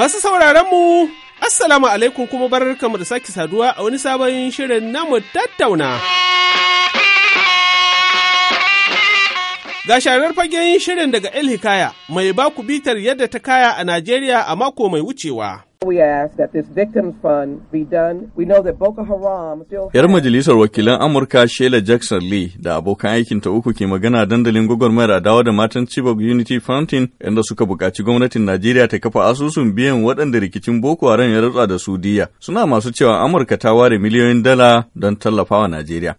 Masu sauraron mu, Assalamu alaikum kuma mu da sake saduwa a wani sabon shirin namu tattauna. Ga sharar fagen shirin daga El Hikaya mai baku bitar yadda ta kaya a Najeriya a mako mai wucewa. Yar majalisar wakilan Amurka Sheila Jackson Lee da abokan aikinta uku ke magana dandalin gwagwarmayar adawa da matan Chibok Unity Fountain inda suka bukaci gwamnatin Najeriya ta kafa asusun biyan waɗanda rikicin Boko Haram ya rutsa da su diya. Suna masu cewa Amurka ta ware miliyoyin dala don tallafawa Najeriya.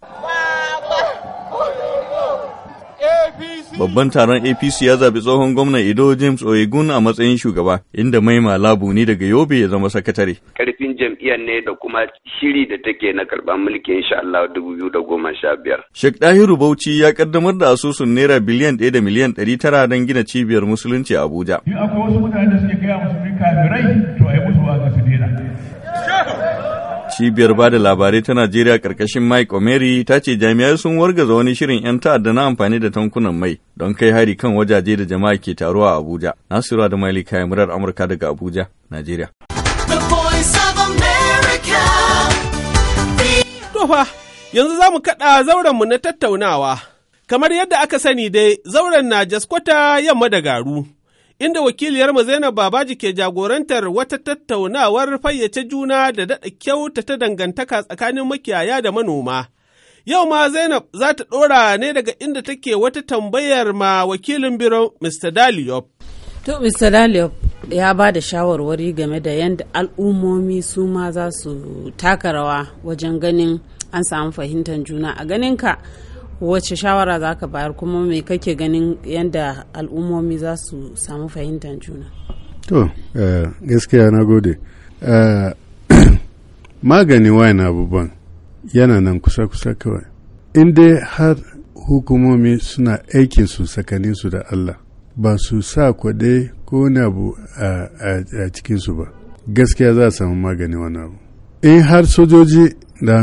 Babban taron APC ya zaɓi tsohon gwamnan Ido James Oyegun a matsayin shugaba, inda Maima ni daga Yobe ya zama sakatare. Karfin jam'iyyar ne da kuma shiri da take na karɓar mulki insha Allah biyar. Sheikh Dahiru Bauchi ya kaddamar da asusun naira biliyan 1 da miliyan ɗari don gina cibiyar musulunci a Abuja. akwai wasu mutane da suke gaya musulmi kafirai to a musu wa su daina. Cibiyar bada labarai ta Najeriya ƙarƙashin Mike Omeri ta ce jami'ai sun wargaza wani shirin 'yan ta'adda na amfani da tankunan mai don kai hari kan wajaje da jama'a ke taruwa a Abuja. Nasiru da Maili kayan murar Amurka daga Abuja, Najeriya. Tofa, yanzu za mu kaɗa zaurenmu na tattaunawa. Kamar yadda aka sani dai, zauren na jaskwata yamma da garu. inda wakiliyarmu Zainab Babaji ke jagorantar wata tattaunawar fayyace juna da daɗa kyauta ta dangantaka tsakanin makiyaya da manoma. Yau ma Zainab za ta ɗora ne daga inda take wata tambayar ma wakilin biro Mr. Daliop. To Mr. Daliop ya ba da shawarwari game da yadda al'ummomi su ma za su taka rawa wajen ganin an samu fahimtar juna a ganinka. wace shawara za ka bayar kuma mai kake ganin yadda al'ummomi za su samu fahimtar juna to eh, gaskiya na gode eh, magani wayan abubuwan yana nan kusa-kusa kawai in dai har hukumomi suna aikin su tsakaninsu da allah ba su sa kwade ko wani abu a cikinsu ba gaskiya za a samu magani wani abu in har sojoji da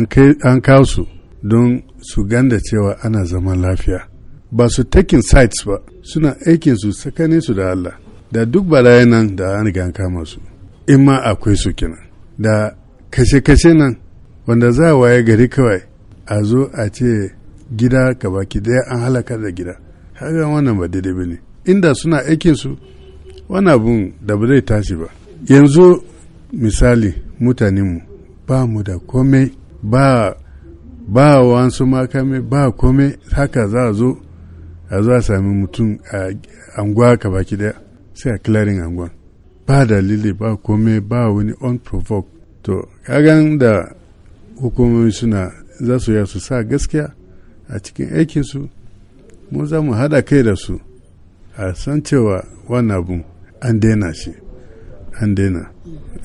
an kawo su don su ganda cewa ana zaman lafiya ba su taking sites ba suna aikin su tsakanin su da Allah da duk balayen nan da an riga in ma akwai su kenan da kashe-kashe nan wanda za a waye gari kawai a zo a ce gida ka baki daya an halaka da gida haka wannan ba daidai ba ne inda suna aikin su wani abun da ba zai tashi ba yanzu misali mutanenmu ba mu da komai ba ba wansu makame ba kome haka za a zo a za a sami mutum a anguwa ka baki daya sai a clearing anguwan ba dalili ba kome ba wani unprovoked to kagan da hukumomi suna za su yasu sa gaskiya a cikin aikinsu mu za mu haɗa kai da su a san cewa wannan abu an daina shi an daina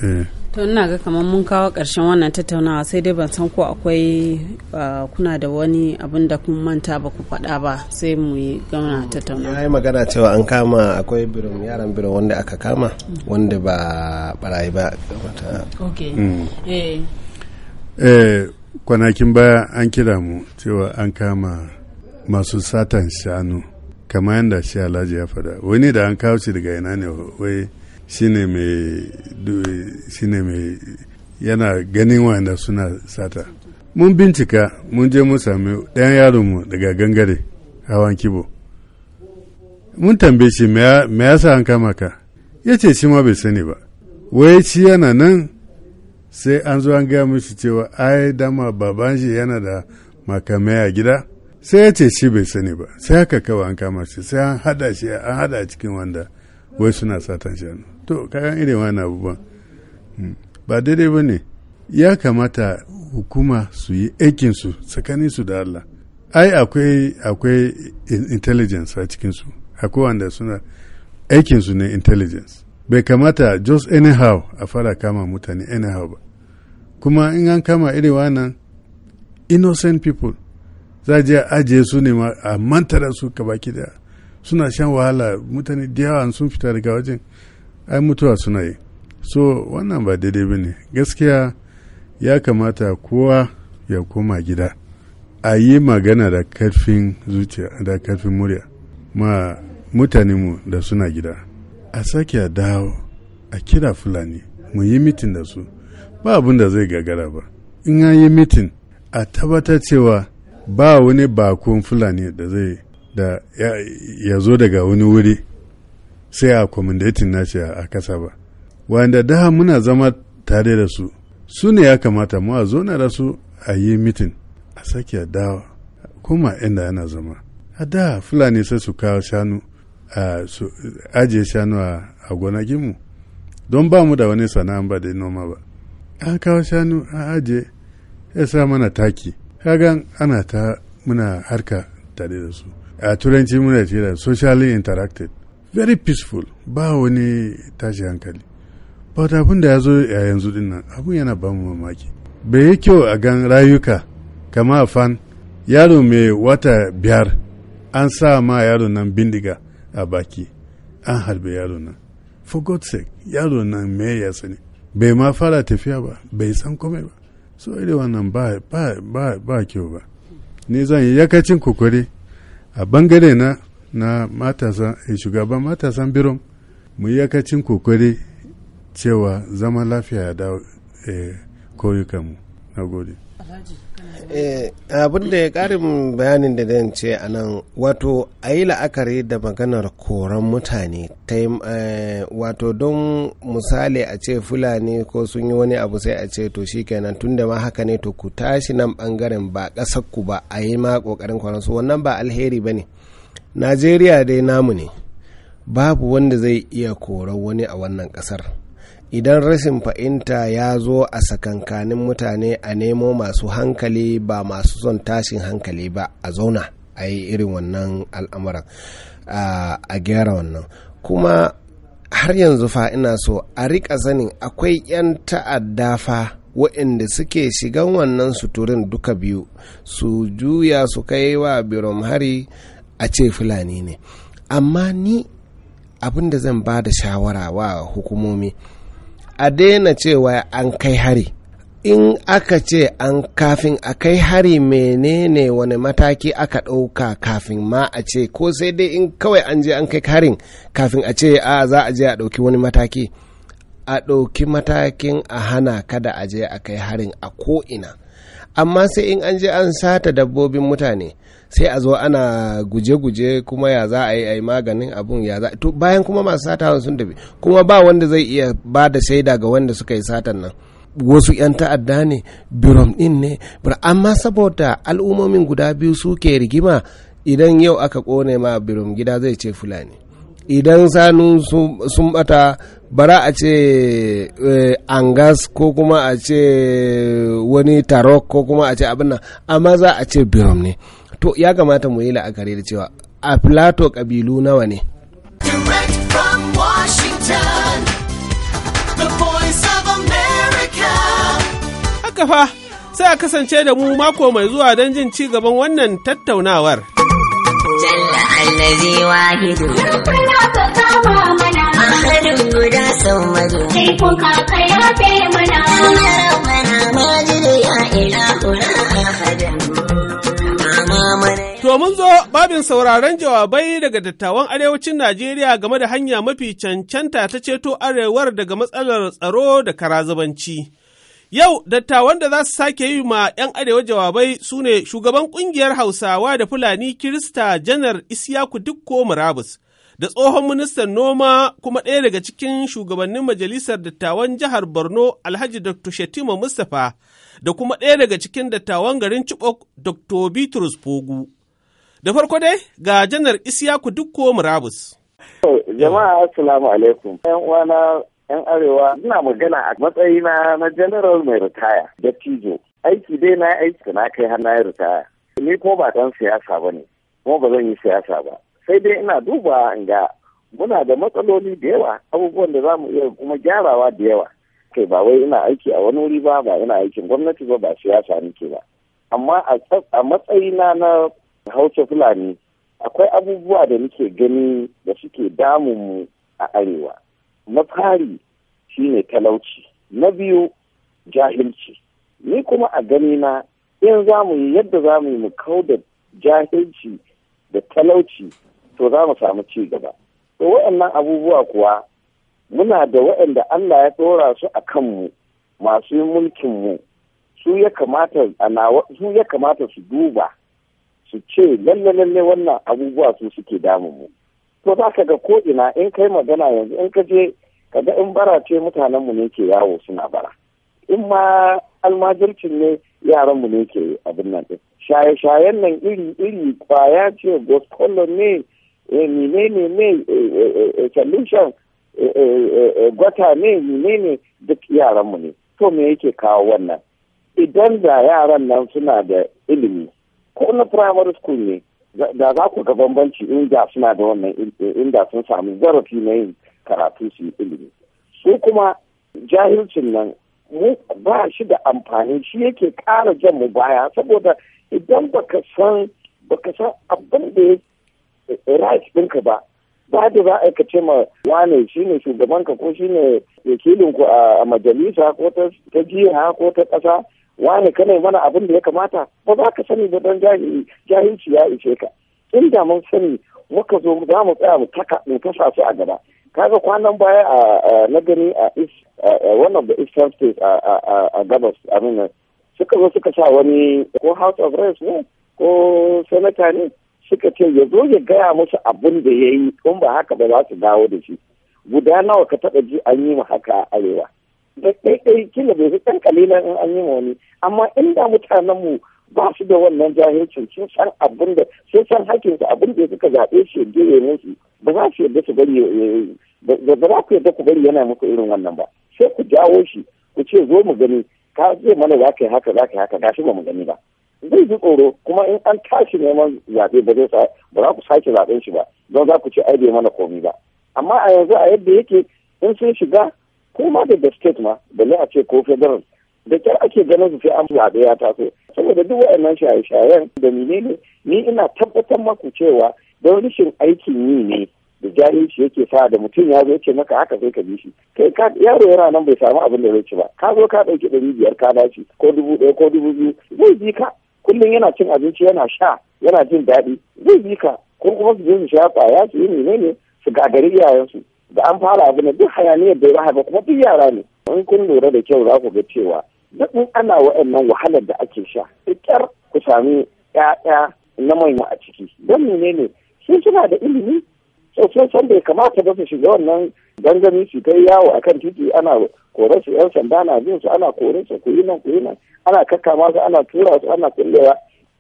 eh. to ina ga kamar mun kawo ƙarshen wannan tattaunawa sai dai ban san ko akwai kuna da wani abin da kun manta ba ku faɗa ba sai mu yi gauna tattaunawa yi magana cewa an kama akwai birin yaran birin wanda aka kama wanda ba barayi ba ok mm. eh. eh kwanakin baya an kira mu cewa an kama masu satan shanu kamar yadda shi alhaji ya faɗa wani da an kawo shi daga ina ne wai shine mai yana ganin wanda suna sata mun bincika mun je mun sami ɗayan yaronmu daga gangare hawan kibo mun tambaye shi me yasa an kama ka ya ce shi ma bai sani ba wai shi yana nan sai an zo an gaya mishi cewa ai dama baban shi yana da makamai a gida sai ya ce shi bai sani ba sai haka kawai an kama shi sai an hada shi an hada cikin wanda wai suna satan shanu to kayan irin wani abubuwan hmm. ba daidai ba ne ya kamata hukuma su yi aikinsu tsakaninsu da Allah ai akwai akwai intelligence a cikinsu akwai wanda suna aikinsu ne intelligence bai kamata just anyhow a fara kama mutane anyhow ba kuma in an kama irin wannan innocent people za je ajiye su ne a mantara su ka baki da suna shan wahala mutane da yawa sun fita daga wajen ai mutuwa suna yi so wannan ba daidai ba ne gaskiya ya kamata kowa ya koma gida a yi magana da karfin zuciya da karfin murya ma mutanenmu da suna gida a sake a dawo a kira fulani mu yi mitin da su ba abin da zai gagara ba in an yi mitin a tabbatar cewa ba wani bakon fulani da zai da ya zo daga wani wuri sai a kwamandatin nashi a kasa ba wanda daha muna zama tare da su su ne ya kamata mu a na da su a yi mitin a sake a dawa kuma inda yana zama a da fulani sai su kawo shanu a su ajiye shanu a gonakinmu don ba mu da wani sana'a ba da noma ba an kawo shanu a ajiye ya sa mana taki kagan ana ta muna harka tare da su a turanci muna ce da socially interacted very peaceful ba wani tashi hankali but abin da ya zo a yanzu din nan abin yana ba mu mamaki bai yi kyau a gan rayuka kama a fan yaro mai wata biyar an sa ma yaro nan bindiga a baki an harbe yaro nan for god's sake yaro nan me ya sani bai ma fara tafiya ba bai san komai ba so irin wannan ba ba ba kyau ba ni zan yi yakacin kokari a bangare na na matasan eh, shugaban matasan biron mu yi yakacin kokari cewa zama lafiya ya dawo eh, koyukanmu na gode eh, abin da ya karin bayanin da zan ce a nan wato a yi la'akari da maganar koran mutane ta wato don misali a ce fulani ko sun yi wani abu sai a ce to shikenan tun da ma haka ne to ku tashi nan bangaren ba ƙasar ku ba a yi ma ƙoƙarin kwanan su wannan ba alheri ba ne najeriya dai namu ne babu wanda zai iya korar wani a wannan kasar idan rashin fahimta ya zo a sakankanin mutane a nemo masu hankali ba masu son tashin hankali ba a zauna a yi irin wannan al'amuran a gyara wannan kuma har yanzu fa ina so a rika sanin akwai 'yan ta'adda fa waɗanda suke shigan wannan suturin duka biyu su juya su kai wa birom hari a ce fulani ne amma ni abin da zan ba da shawara wa hukumomi a daina cewa an kai hari in aka ce an kafin a kai hari menene wani mataki aka ɗauka kafin ma a ce ko sai dai in kawai an je an kai harin kafin a ce a za a je a ɗauki wani mataki a ɗauki matakin a hana kada a je a kai harin a ko'ina amma sai in an je an sata dabbobin mutane sai a zo ana guje-guje kuma ya za a yi a maganin abun ya za to bayan kuma masu sata sun tafi kuma ba wanda zai iya ba da shaida ga wanda suka yi satan nan wasu 'yan ta'adda ne birom din ne amma saboda al'ummomin guda biyu suke rigima idan yau aka kone ma birom gida zai ce fulani idan sanu sun bata bara a ce eh, angas ko kuma a ce wani tarok ko kuma a ce abin nan amma za a ce birom ne to ya kamata mu yi la'akari da cewa a plato kabilu nawa ne kafa sai a kasance da mu mako mai zuwa don jin ci gaban wannan tattaunawar. Jalla allazi wahidu. guda sau Sai fe mana. Mana ya ila To mun zo babin sauraron jawabai daga dattawan arewacin Najeriya game da hanya mafi cancanta ta ceto arewar daga matsalar tsaro da karazabanci. Yau dattawan da za su sake yi ma 'yan arewa jawabai su ne shugaban ƙungiyar Hausawa da Fulani Kirista Janar Isiyaku Dukko Murabus da tsohon ministan noma kuma ɗaya daga cikin shugabannin majalisar dattawan jihar Borno Alhaji Dr. Shatima Mustapha da kuma ɗaya daga cikin dattawan garin Chibok Dr. Bitrus pogu Da farko dai ga janar Isiyaku Dukko Murabus. Jama'a Assalamu alaikum. ‘Yan uwana ‘yan arewa ina magana a matsayina na general mai ritaya da tijo. Aiki dai na aiki na kai har na ritaya. Ni ko ba ɗan siyasa ba ne, kuma ba zan yi siyasa ba. sai dai ina duba in ga muna da matsaloli da yawa abubuwan da za mu iya kuma gyarawa da yawa kai ba wai ina aiki a wani wuri ba ba ina aikin gwamnati ba ba siyasa nake ba amma a matsayina na hausa fulani akwai abubuwa da nake gani da suke damun mu a arewa na fari shine talauci na biyu jahilci ni kuma a ganina in za mu yi yadda za mu yi mu kau da jahilci da talauci to za mu samu ci gaba to waɗannan abubuwa kuwa muna da waɗanda Allah ya ɗora su a kanmu masu mulkin mu su ya kamata su duba su ce lalle lalle wannan abubuwa su suke damunmu. mu to za ka ga ko ina in kai magana yanzu in ka je kaga in bara ce mutanenmu ne ke yawo suna bara in ma almajircin ne yaranmu ne ke abin nan shaye-shayen nan iri-iri kwaya ce gospolo ne Eh, menene ne eh, eh, solution gwata ne menene duk yaranmu ne to me yake kawo wannan idan da yaran nan suna da ilimi ko na primary school ne da za ku ga bambanci inda suna da wannan inda sun samu zarafi na yin karatu su ilimi su kuma jahilcin nan mu ba shi da amfani shi yake kara jan mu baya saboda idan baka san baka san abin da ya right ɗinka ba ba da za a aikace ma wane shi shine shugabanka ko shi shine wakilinku a majalisa ko ta jiha ko ta ƙasa wane ne mana abin da ya kamata ba za ka sani ba don jahilci ya ishe ka da mun sani muka zo za mu tsaya mu taka mu tasa su a gaba kaga kwanan baya a na gani a one of the eastern states a gabas a suka zo suka sa wani ko house of reps ne ko senator ne suka ce ya zo ya gaya musu abin da ya yi in ba haka ba za su dawo da shi guda nawa ka taɓa ji an yi ma haka a arewa da ɗaiɗai kila bai fi ɗan kalilan in an yi ma wani amma inda mutanenmu ba su da wannan jahilcin sun san abin da sun san hakkin su abin da suka zaɓe shi ya ya musu ba za su yarda su bari ba za ku yarda ku bari yana muku irin wannan ba sai ku jawo shi ku ce zo mu gani ka zai mana za ka yi haka za ka yi haka shi ba mu gani ba zai ji tsoro kuma in an tashi neman zaɓe ba zai ba za ku sake zaɓen shi ba don za ku ci aibe mana komi ba amma a yanzu a yadda yake in sun shiga ko ma da state ma balle a ce ko federal da kyar ake ganin su sai an zaɓe ya taso saboda duk waɗannan shaye-shayen da menene ni ina tabbatar maku cewa don rashin aikin yi ne da jahilci yake sa da mutum ya zo ce maka haka sai ka bi shi kai ka yaro yana nan bai samu abin da zai ci ba ka zo ka ɗauki ɗari biyar ka ko dubu ɗaya ko dubu biyu zai bi ka kullum yana cin abinci yana sha yana jin daɗi zai bi ka ko kuma su je su sha kwaya su yi menene su gagari iyayensu da an fara abu na duk hayaniyar da ya haka kuma duk yara ne in kun lura da kyau za ku ga cewa duk in ana wa'annan wahalar da ake sha ƙyar ku sami ƴaƴa na manya a ciki don menene sun suna da ilimi sosai san bai kamata ba su shiga wannan gangami su kai yawo akan titi ana korar su yan sanda na bin su ana korar su ku yi nan ku yi nan ana kaka su ana tura su ana kullewa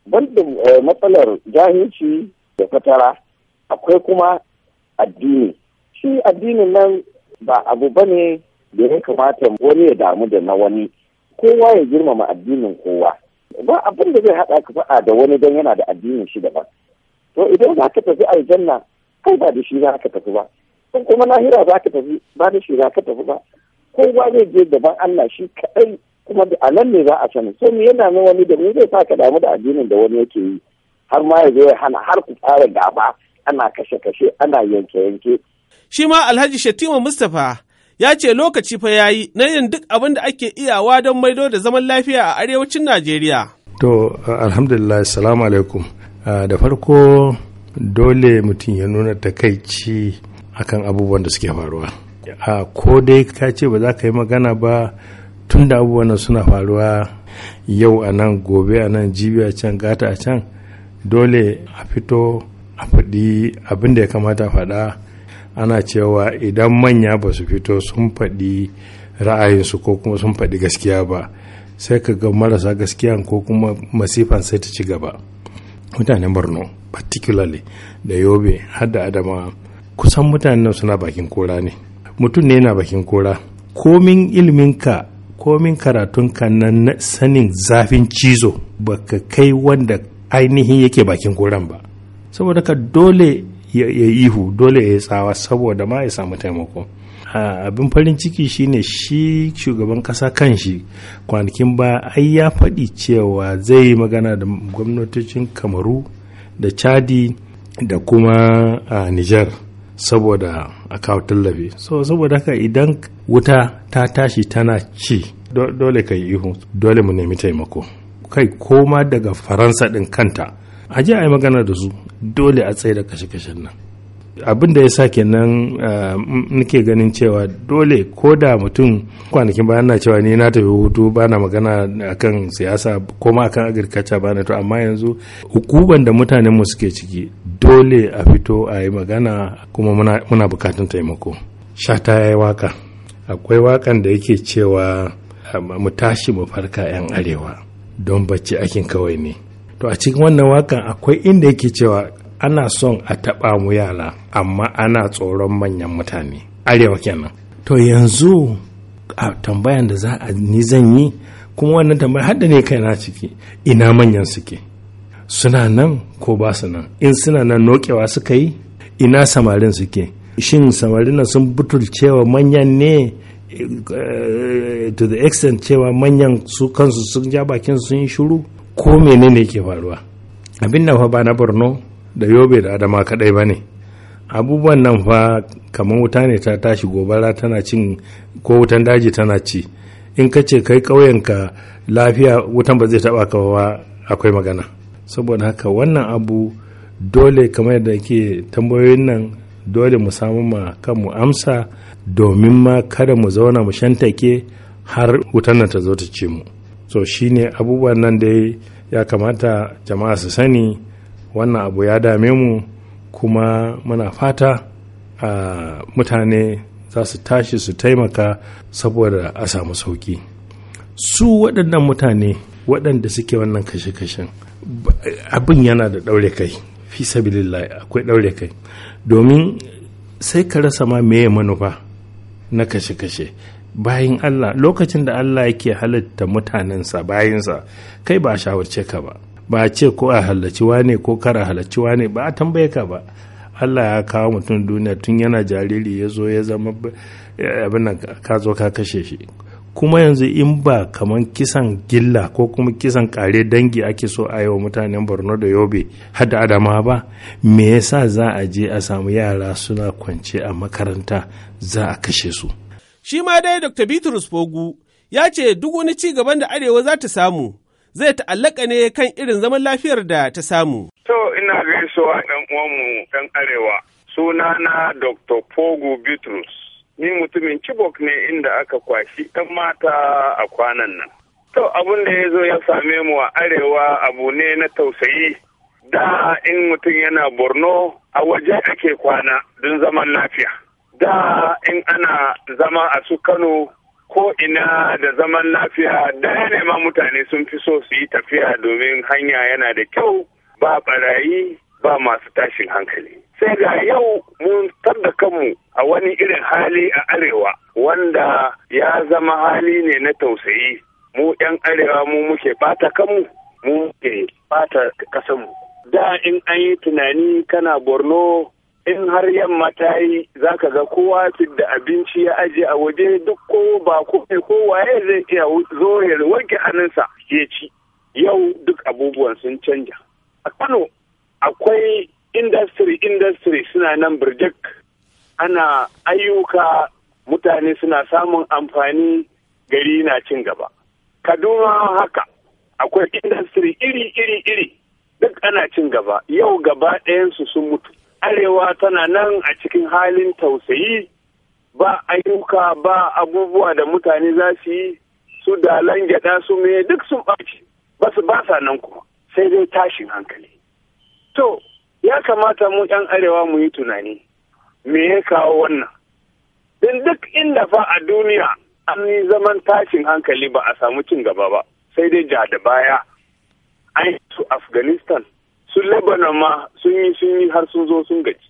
banda eh, matsalar jahilci da fatara akwai kuma addini shi addinin nan ba abu ba ne da ya kamata wani ya damu da na wani kowa ya girmama addinin kowa ba abin da zai haɗa ka faɗa da wani don yana da addinin shi daban to idan za ka tafi aljanna kai ba da shi za ka tafi ba in kuma lahira za ka tafi ba da shi za ka tafi ba kowa zai je daban Allah shi kaɗai kuma a nan ne za a sani so mu yana nan wani da mu zai sa ka damu da addinin da wani yake yi har ma ya zo ya hana har ku fara gaba ana kashe-kashe ana yanke-yanke. Shi ma Alhaji Shatima Mustapha ya ce lokaci fa yayi na yin duk abin da ake iyawa don maido da zaman lafiya a arewacin Najeriya. To alhamdulillah salamu alaikum ah, da farko dole mutum ya nuna takaici akan abubuwan da suke faruwa. Ah, ko dai ka ce ba za ka yi magana ba tun da abubuwan suna faruwa yau a nan gobe a nan jibi a can gata a can dole a fito a faɗi abin da ya kamata faɗa ana cewa idan manya ba su fito sun faɗi ra'ayinsu ko kuma sun faɗi gaskiya ba sai ka ga marasa gaskiya ko kuma masifan sai ta ci gaba mutanen borno particularly da yobe har da adama kusan mutanen suna bakin kora ne mutum ne yana bakin kora komin iliminka komin karatunka na sanin zafin cizo ba ka kai wanda ainihin yake bakin goron ba saboda ka dole ya ihu dole ya tsawa saboda ma ya samu taimako abin farin ciki shine shi shugaban kasa kan shi kwanakin ba ai ya faɗi cewa zai yi magana da gwamnatocin kamaru da chadi da kuma a niger saboda a kawo tallafi so saboda haka idan wuta ta tashi tana ci dole ka yi ihu dole mu nemi taimako kai koma daga faransa ɗin kanta a je a yi magana da su dole a tsaye da kashe-kashen nan abin da ya sa kenan eh, nake ganin cewa dole ko da mutum kwanakin bayan na cewa ni na tafi hutu ba na magana akan siyasa ko ma akan agirkaca ba na to amma yanzu hukuban da mutanenmu suke ciki dole a fito a yi magana kuma muna bukatun taimako shata ya yi waka akwai wakan da yake cewa mu tashi mu farka 'yan arewa don bacci akin kawai ne to a cikin wannan wakan akwai inda yake cewa ana son a taɓa mu yala amma ana tsoron manyan mutane arewa kenan to yanzu a tambayan da za a ni zan yi kuma wannan tambaya har da ne kaina ciki ina manyan suke suna nan ko ba su nan in suna nan nokewa suka yi ina samarin suke shin samarin nan sun butulcewa manyan ne eh, to the extent cewa manyan su kansu sun ja bakin sun yi shuru ko menene ke faruwa abin nan fa ba na borno da yobe da adama kadai ba ne abubuwan nan fa kamar wuta ne ta tashi gobara tana cin ko wutan daji tana ci in ka ce kai ƙauyenka lafiya wutan ba zai taɓa ba akwai magana saboda haka wannan abu dole kamar da ke tambayoyin nan dole mu samu ma kan mu amsa domin ma kada mu zauna mu shantake har wutan nan ta zo ta ce mu so shi ne abubuwan nan da ya kamata jama'a su sani wannan abu ya dame mu kuma muna fata a mutane za su tashi su taimaka saboda a samu sauki su waɗannan mutane waɗanda suke wannan kashe-kashen abin yana da ɗaure kai fi sabilillah akwai ɗaure kai domin sai ka rasa ma meye manufa na kashe-kashe bayan Allah lokacin da Allah yake halatta mutanensa bayansa kai ba a shawarce ka ba ba a ce ko a halarci wane ko kara halarci wane ba a tambaye ka ba Allah ya kawo mutum duniya tun yana jariri ya zo ya zama abin ka zo ka kashe shi kuma yanzu in ba kamar kisan gilla ko kuma kisan kare dangi ake so a wa mutanen borno da yobe har adama ba me yasa za a je a samu yara suna kwance a makaranta za a kashe su shi ma dai dr bitrus fogu ya ce duk wani ci gaban da arewa za ta samu zai ta'allaka ne kan irin zaman lafiyar da ta samu to ina gaisuwa dan uwanmu ɗan arewa suna na dr fogu bitrus ni mutumin Chibok ne inda aka kwashi 'yan mata a kwanan nan. To abin da ya zo ya same mu a arewa abu ne na tausayi da in mutum yana borno a waje ake kwana don zaman lafiya. Da in ana zama a su Kano ko ina da zaman lafiya da ya nema mutane sun fi so su yi tafiya domin hanya yana da kyau ba barayi ba masu tashin hankali sai ga yau mun da kanmu a wani irin hali a arewa wanda ya zama hali ne na tausayi mu 'yan arewa mu muke bata kanmu mu muke bata kasanmu da in an yi tunani kana borno in har yamma ta yi za ka ga kowa da abinci ya aje a waje duk ko ba ko waye zai iya zo ya wanke hannunsa ya ci yau duk abubuwan sun canja a kano akwai industry industry suna nan birjik ana ayyuka mutane suna samun amfani gari na cin gaba kaduna haka akwai industry iri iri iri duk ana cin gaba yau gaba ɗayansu sun mutu arewa tana nan a cikin halin tausayi ba ayyuka ba abubuwa da mutane za su yi su dalan gyaɗa su me duk sun ɓaci ba su ba sa nan kuma sai dai tashin hankali To, ya kamata mu 'yan arewa mu yi tunani, me ya kawo wannan? Don duk inda fa a duniya an yi zaman tashin hankali ba a samu cin gaba ba, sai dai ja da baya. An su Afghanistan, su Lebanon ma sun yi sun yi har sun zo sun gaji.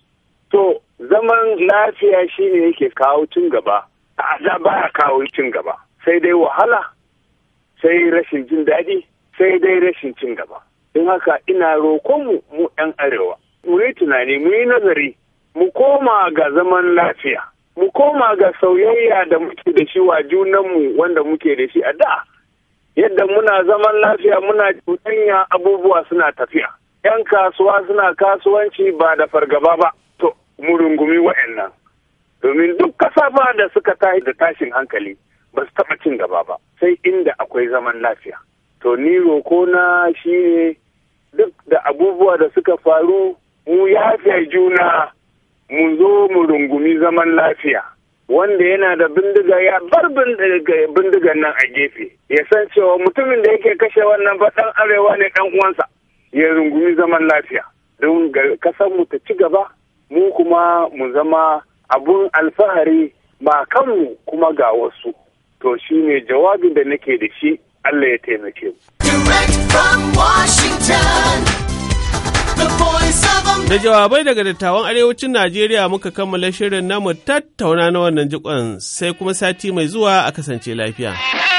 To, zaman lafiya shi ne yake kawo cin gaba, da baya kawo cin gaba, sai dai wahala, sai rashin jin daɗi, sai dai rashin cin gaba. in haka ina roƙonmu mu 'yan arewa mu yi tunani mu yi nazari mu koma ga zaman lafiya mu koma ga sauyayya da muke da shi wa junanmu wanda muke da shi a da yadda muna zaman lafiya muna cutanya abubuwa suna tafiya yan kasuwa suna kasuwanci ba da fargaba ba to mu rungumi wa'annan domin duk kasa ba da suka tashi da tashin hankali ba su taɓa cin gaba ba sai inda akwai zaman lafiya to ni roko na ne. duk da abubuwa da suka faru mu yafe juna mu zo mu rungumi zaman lafiya wanda yana da bindiga ya bar bindigan nan a gefe ya san cewa mutumin da yake kashe wannan ba dan arewa ne ɗan uwansa ya rungumi zaman lafiya don kasar mu ta ci gaba mu kuma mu zama abun alfahari ba kanmu kuma ga wasu to shine jawabin da nake da shi Allah ya taimake mu. Da jawabai daga dattawan arewacin Najeriya muka kammala shirin namu tattauna na wannan jikon sai kuma sati mai zuwa a kasance lafiya.